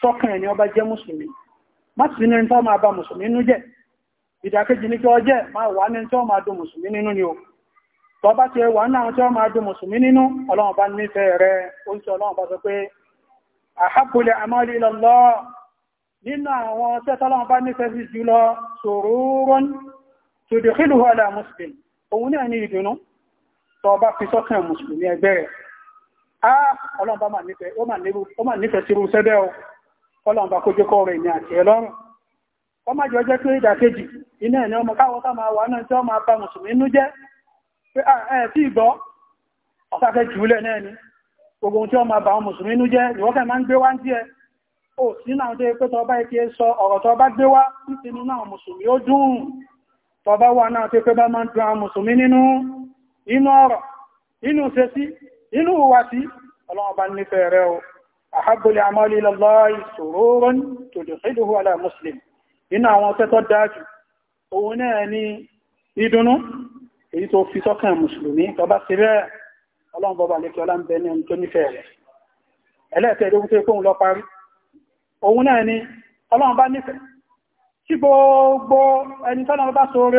sọ́kàn ẹni ọba jẹ́ mùsùlùmí má sì nínú tó máa bá mùsùlùmí nínú jẹ́ ìdàkejì ní kí ọ jẹ́ máa wà ní tó máa dùn mùsùlùmí nínú ni o tó bá ti wà náà tó máa dùn mùsùlùmí nínú ọlọ́run bá nífẹ̀ẹ́ rẹ̀ oúnjẹ ọlọ́run bá sọ pé àhápùlẹ̀ tọ́ ọba fi sọ́kàn mùsùlùmí ẹgbẹ́ rẹ̀ á ọlọ́ọ̀bá mà nífẹ̀ẹ́ sírú sẹ́bẹ̀ o ọlọ́ọ̀bá kó jẹ́ kọ́ rẹ̀ ní àti ẹlọ́rùn ọmọ jọ jẹ́ pé ìdàkejì iná ẹ̀ ní ọmọ káwọ́ tá máa wà náà tí ọmọ apá mùsùlùmí nú jẹ́ pé ẹ̀ tí ìgbọ́ ọ̀sáfẹ́ náà ni gbogbo tí mùsùlùmí nú jẹ́ máa ń gbé wá ń díẹ̀ ó sí náà tó tọba ike sọ ọ̀rọ̀ tọba gbé wá inú ọ̀rọ̀ inú sẹ́sí inú wàtí ọlọ́run bá nífẹ̀ẹ́ rẹ̀ o ahabbul a'mali ila Allahi sururan tudkhiluhu ala muslim inú àwọn tẹ́tọ́ dájú òun náà ní ìdùnnú èyí tó fi sọ́kàn mùsùlùmí tó bá sí rẹ̀ ọlọ́run bọ́bá lè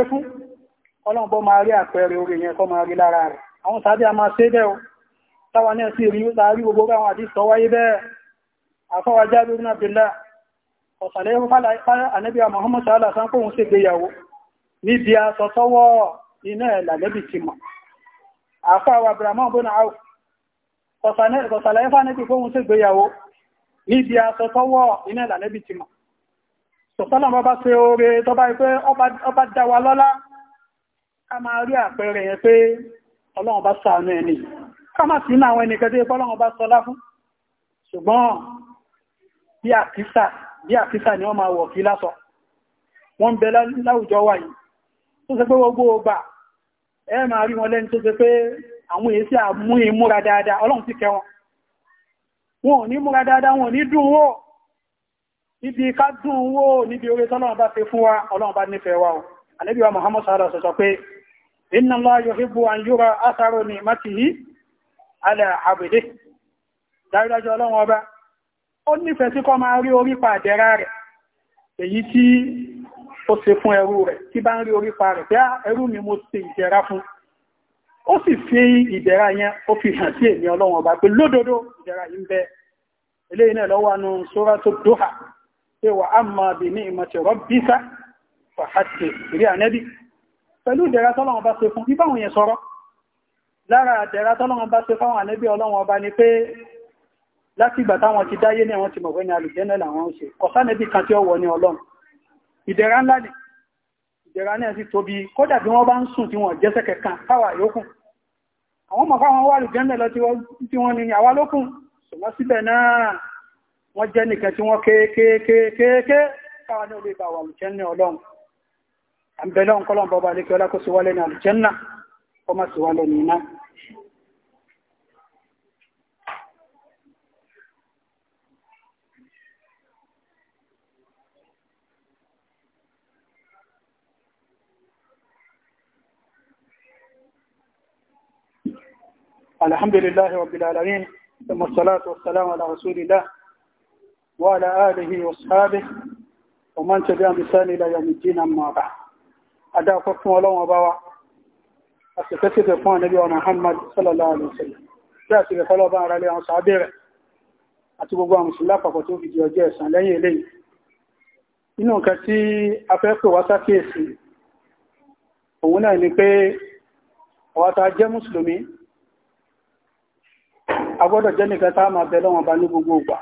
kí ọlọ́run bọ́ máa rí àpẹẹrẹ orí yẹn kọ́ máa rí lára rẹ̀ àwọn sàábí a máa ṣe bẹ́ẹ̀ o táwa náà sì rí láàrí gbogbo àwọn àdìsọ wáyé bẹ́ẹ̀ àfọwà jáde orí náà bílá ọ̀sàlẹ̀ ànẹ́bí Muhammad sàálà sán kóhun sì gbéyàwó níbi aṣọ tọwọ́ iná ẹ̀ làlẹ́bì ti mọ̀ àfọwà Abdurrahman bọ́nà áwù ọ̀sàlẹ̀ fánẹ́bí kóhun sì gbéyàwó níbi bá ṣe oore tọ́bá ipé ọba dáwà lọ́lá ká máa rí àpẹẹrẹ yẹn pé ọlọ́run bá ṣàánú ẹni ká má sí náà àwọn ẹnìkan tó yẹ pọ́lọ́run bá sọlá fún ṣùgbọ́n bí àkísà bí àkísà ni wọ́n máa wọ̀ kí lásọ wọ́n ń bẹ láwùjọ wà yìí tó ṣe pé gbogbo ọgbà ẹ máa rí wọn lẹ́ni tó ṣe pé àwọn èyí sí àmú ìmúra dáadáa ọlọ́run ti kẹ́ wọn wọn ò ní múra dáadáa wọn ò ní dùn wò níbi ká dùn wò níbi oore tọ́lọ́run bá ṣe fún wa ọlọ́run bá nífẹ̀ẹ́ wa o àlébíwá Muhammad sallallahu alaihi wasallam sọ pé إن الله يحب أن يرى أثر نعمته على عبده dájúdájú ọlọ́run ọba ó nífẹ̀ẹ́ sí kọ́ máa rí orípa àdẹ́rà rẹ̀ èyí tí ó ṣe fún ẹrú rẹ̀ tí bá ń rí orípa rẹ̀ pé ah, ẹrú mi mo ṣe ìdẹ̀ra fún ó sì fi ìdẹ̀ra yẹn ó fi hàn sí èmi ọlọ́run ọba pé lódodo ìdẹ̀ra yìí ń bẹ eléyìí náà lọ́wọ́ anú suratu Duha wa amma bi ni'mati rabbika fa hadith ìrí ànẹ́bí pẹ̀lú ìdẹ̀ra tọ́lọ́wọ́n bá ṣe fún bíbáwọn yẹn sọ̀rọ̀ lára àdẹ̀ra tọ́lọ́wọ́n bá ṣe fáwọn ànẹ́bí ọlọ́wọ́n ọba ni pé láti ìgbà táwọn ti dáyé ní àwọn ti mọ̀wẹ́ ní alùjẹ́nà làwọn ń ni ìdẹ̀ra náà sì tóbi kódà bí wọ́n bá ń sùn tí wọ́n jẹ́sẹ̀ kẹkàn fáwà yókù àwọn mọ̀ fáwọn wà lùjẹ́nà lọ tí wọ́n ní àwa lókùn ṣùgbọ́n síbẹ̀ náà wọ́n jẹ́ àbẹ̀lẹ́ ọ̀nkọ́lọ́n bọ́bá alékẹ́ ọlákó sí wálé ní àlùjẹ́nà ó má sí ní iná الحمد لله رب العالمين ثم الصلاة والسلام على رسول الله وعلى آله وصحابه ومن تبعهم بسان إلى يوم الدين أما بعد adáko fún ọlọ́wọ́n bá wa a sì fẹ́ sífẹ́ fún ànábì wa Muhammad sallallahu alaihi wasallam tí a sì fẹ́ fọ́lọ́ bá ara lé àwọn sàábé rẹ̀ àti gbogbo àwọn mùsùlùmí àpapọ̀ tó fi di ọjọ́ ẹ̀san lẹ́yìn eléyìí inú nǹkan tí a fẹ́ pè wá sákèèsì òun náà ni pé àwa tá jẹ́ mùsùlùmí a gbọ́dọ̀ jẹ́ nìkan tá máa bẹ lọ́wọ́n bá ní gbogbo ìgbà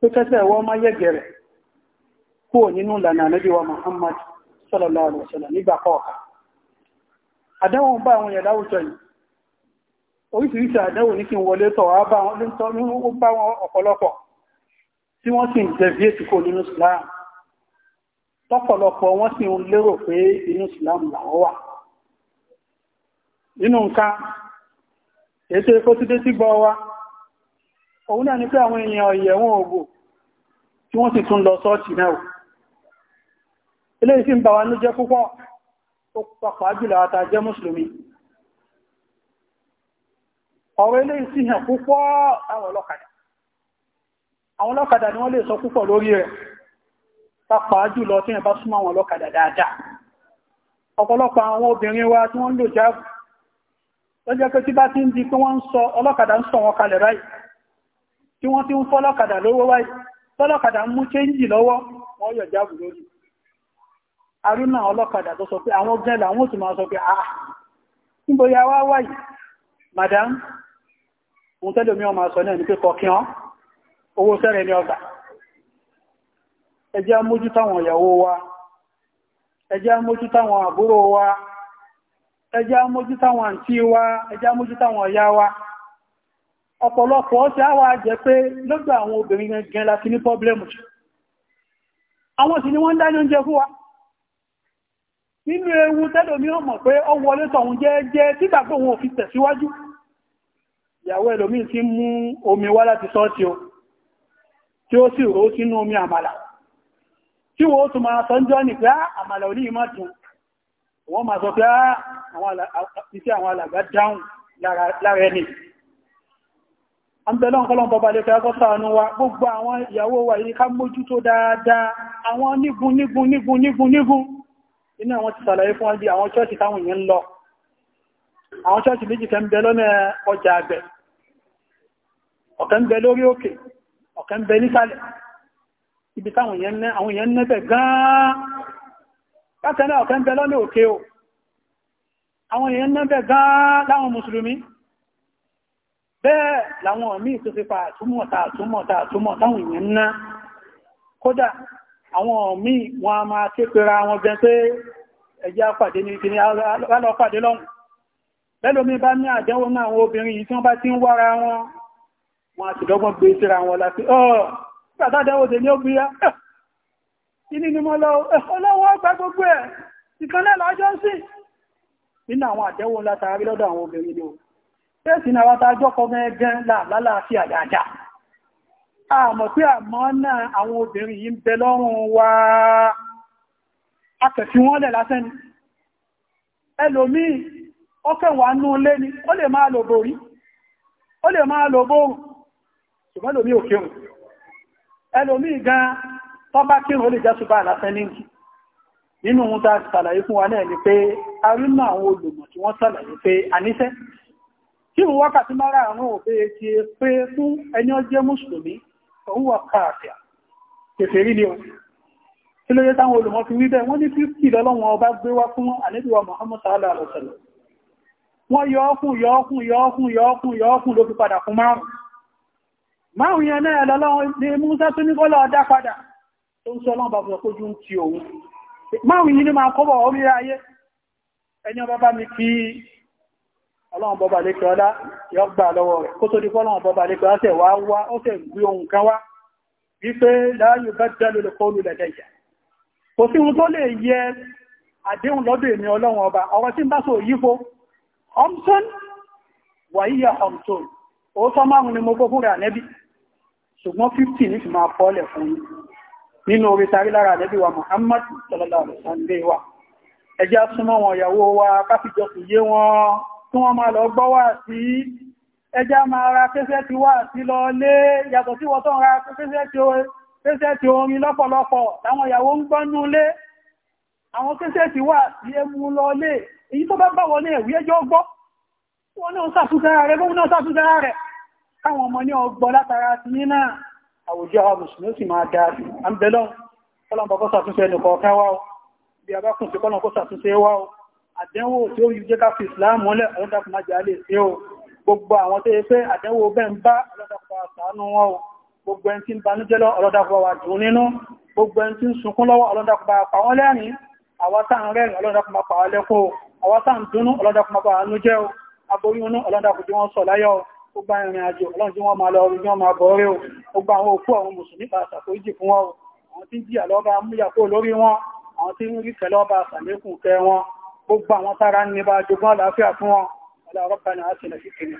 pé kẹ́sẹ̀ wọ́n máa yẹ̀gẹ̀rẹ̀ kúrò nínú ìlànà ànábì wa Muhammad sallallahu alaihi wasallam nígbà kọ̀ọ̀kan àdánwò bá àwọn èèyàn láwùjọ yìí oríṣiríṣi àdánwò ní kí n wọlé tọ̀ wá bá wọn ọ̀pọ̀lọpọ̀ tí wọ́n sì ń deviate kó nínú Islam lọ́pọ̀lọpọ̀ wọ́n sì ń lérò pé inú Islam làwọn wà nínú nǹkan ètò ikó tí dé sí gbọ́ wa òun náà ní pé àwọn èèyàn ọ̀yẹ̀wọ̀n ògbò tí wọ́n sì tún lọ sọ́ọ̀tì náà ele ìsì ń bà wá ní jẹ́ púpọ̀ tó pàpàá jùlọ àtà jẹ́ mùsùlùmí ọ̀rọ̀ ilé ìsì hàn púpọ̀ àwọn àwọn ni wọ́n lè sọ púpọ̀ lórí rẹ̀ pàpàá jùlọ tí ẹ bá súnmọ́ àwọn ọlọ́kadà dáadáa ọ̀pọ̀lọpọ̀ àwọn obìnrin wa tí wọ́n ń lò jáàbù tó jẹ́ pé tí bá ti ń di pé wọ́n sọ ń sọ wọn kalẹ̀ báyìí tí wọ́n ti ń lówó báyìí arúnà ọlọ́kadà tó sọ pé àwọn gẹ́lẹ̀ àwọn òtù máa sọ pé àà ah, níboyà wá wáyìí madam ohun tẹ́lẹ̀ omi ọmọ sọ náà ní pé kọkíán owó sẹ́rẹ̀ ní ọgbà ẹjẹ́ mójú táwọn ìyàwó wa ẹjẹ́ mójú táwọn àbúrò wa ẹjẹ́ mójú táwọn àǹtí wa ẹjẹ́ mójú táwọn ọ̀yá wa ọ̀pọ̀lọpọ̀ ọ̀sẹ̀ pé lọ́gbà àwọn obìnrin gẹn la fi ní pọ́blẹ́mù àwọn sì ni wọ́n dá wa nínú ewu tẹ́lòmí ọmọ pé ọ wọlé tọ̀hún jẹ́ẹ́jẹ́ tígbàgbọ́ òun òfin tẹ̀síwájú ìyàwó ẹlòmí ti mú omi wá láti sọ́ọ̀tí o tí ó sì rò sínú omi àmàlà tí wọ́n tún máa sọ jọ́ ní pé ah, àmàlà ò ní ìmọ̀ dùn wọ́n máa sọ pé ah, iṣẹ́ àwọn alàgbà dáhùn lára ẹni àbẹ̀lọ́n kọlọ́n bọba lè fẹ́ sàánú wa gbogbo àwọn ìyàwó wa yìí ká mójútó dáadáa àwọn nígun nígun nígun nígun nígun inú àwọn ti sàlàyé fún wọn bí àwọn chọ́ọ̀tì táwọn èèyàn lọ àwọn chọ́ọ̀tì méjì kan ń bẹ lọ́nà ọjà àgbẹ̀ ọ̀kan ń bẹ lórí òkè ọ̀kan ń bẹ nísàlẹ̀ ibi táwọn èèyàn nẹ́bẹ̀ gan-an látẹ́lẹ̀ ọ̀kan ń bẹ lọ́nà òkè o àwọn èèyàn nẹ́bẹ̀ gan-an láwọn àwọn mí wọn a máa ké pera wọn gan pé ẹjẹ́ àpàdé ní ìkíní alọ́pàdé lọ́hùn lẹ́lòmí bá ní àdánwò náà àwọn obìnrin yìí tí wọ́n bá ti ń wára wọn wọn àti dọ́gbọ́n gbé síra wọn láti ọ̀ọ́ pàtàdánwò tè ní òbí yá ìní ni mo lọ ọlọ́wọ́ ọgbà gbogbo ẹ̀ ìkanlẹ̀ lájọ́ sí nínú àwọn àdánwò látàrí lọ́dọ̀ àwọn obìnrin ni àmọ̀ pé àmọ́ náà àwọn obìnrin yìí ń bẹ lọ́rùn wa akẹ̀fí wọ́n lẹ̀ lásán ni ẹlòmíì ó kẹwà nú lé ni ó lè máa lò borí ó lè máa lò bóòrùn ṣùgbọ́n lòmí ò kírùn ẹlòmíì gan tó bá kírùn ó lè jẹ́ ṣùgbọ́n lásán ní nínú ohun tá ṣàlàyé fún wa náà ni pé a àwọn olùmọ̀ tí wọ́n ṣàlàyé pé àníṣẹ́ kí wọ́n wákàtí mara àwọn òfin ti pé fún ẹni ó mùsùlùmí ọwọ́ káàkiri kèfèrí ni ohun tí ló yẹ táwọn olùmọ́ fi wíbẹ̀ wọ́n ní 50 lọ́lọ́wọ́n ọba gbé wá fún àníbíwá Muhammad sallallahu alaihi wasallam wọ́n yọ́ọ̀kún yọ́ọ̀kún yọ́ọ̀kún yọ́ọ̀kún yọ́ọ̀kún ló fi padà fún márùn márùn yẹn náà lọ́lọ́wọ́n ní Musa tó ní kọ́lọ̀ ọdá padà tó ń sọ ọlọ́run bá fún ọkójú ń ti òun márùn yìí ní máa kọ́bọ̀ orí ayé ẹni ọba bá mi fi ọlọ́run bọba lè kíọ́lá yọ gbà lọ́wọ́ rẹ̀ kó tó di fọ́lọ́run bọba lè kíọ́lá tẹ̀ wá wá ó tẹ̀ gbé ohun kan wá wípé láàyò bá jálò lè kọlù lẹ̀dẹ̀ ìyà kò sí ohun tó lè yẹ àdéhùn lọ́dọ̀ èmi ọlọ́run ọba ọ̀rọ̀ tí ń bá so yífo Hamson wàíyà Hamson ó sọ márùn ni mo gbó fúnra nẹ́bí ṣùgbọ́n 50 ní fi máa fọ́ọ̀lẹ̀ fún yín nínú orí sáré lára nẹ́bí wa Muhammad sallallahu alaihi wa ẹjá súnmọ́ wọn ìyàwó wa káfíjọsùn yé wọn tí wọ́n máa lọ gbọ́ wà sí ẹjá máa ra kẹsẹ́ ti wà sí lọ lé yàtọ̀ sí wọ́n tó ń ra kẹsẹ́ ti orin lọ́pọ̀lọpọ̀ láwọn ìyàwó ń gbọ́nú lé àwọn kẹsẹ́ ti wà sí ẹmú lọ lé èyí tó bá bá wọn ní ẹ̀wí ẹjọ́ gbọ́ wọn náà sàtúnsára rẹ̀ gómìnà sàtúnsára rẹ̀ káwọn ọmọ ní ọgbọ́ látara ti ní náà àwùjọ àwọn mùsùlùmí sì máa dáa sí àmbẹ̀lọ́ kọ́lọ̀mọ́ kó sàtúnṣe ẹnìkọ̀ọ́ká wá bí a bá kùn sí kọ́lọ̀mọ́ kó sàtúnṣe wá àdánwò tí ó yí jẹ́ ká fi islam mọ́lẹ̀ ọlọ́dàkùn má jẹ́ alẹ́ sí o gbogbo àwọn tó yẹ pé àdánwò bẹ́ ń bá ọlọ́dàkùn àṣánú wọn o gbogbo ẹni tí ń banújẹ́ lọ ọlọ́dàkùn wà dùn nínú gbogbo ẹni tí ń sunkún lọ́wọ́ ọlọ́dàkùn pa wọ́n lẹ́rìn àwa tá ń rẹ́rìn ọlọ́dàkùn pa wọ́n lẹ́kọ́ àwa tá ń dunnú ọlọ́dàkùn pa wọ́n jẹ́ o ìrìn àjò ọlọ́run tí wọ́n máa lọ orí wọ́n máa bọ̀ rí o gbogbo àwọn òkú àwọn mùsùlùmí bá ṣàforíjì fún wọn o àwọn tí ń jìyà lọ́ba lórí wọn àwọn tí ń rí kẹlọ́ba ṣàlékùn kẹ wọn gbogbo àwọn tára ní bá jogún àlàáfíà fún wọn aláwọ̀rọ̀pàá ni a ti nà sí kìrì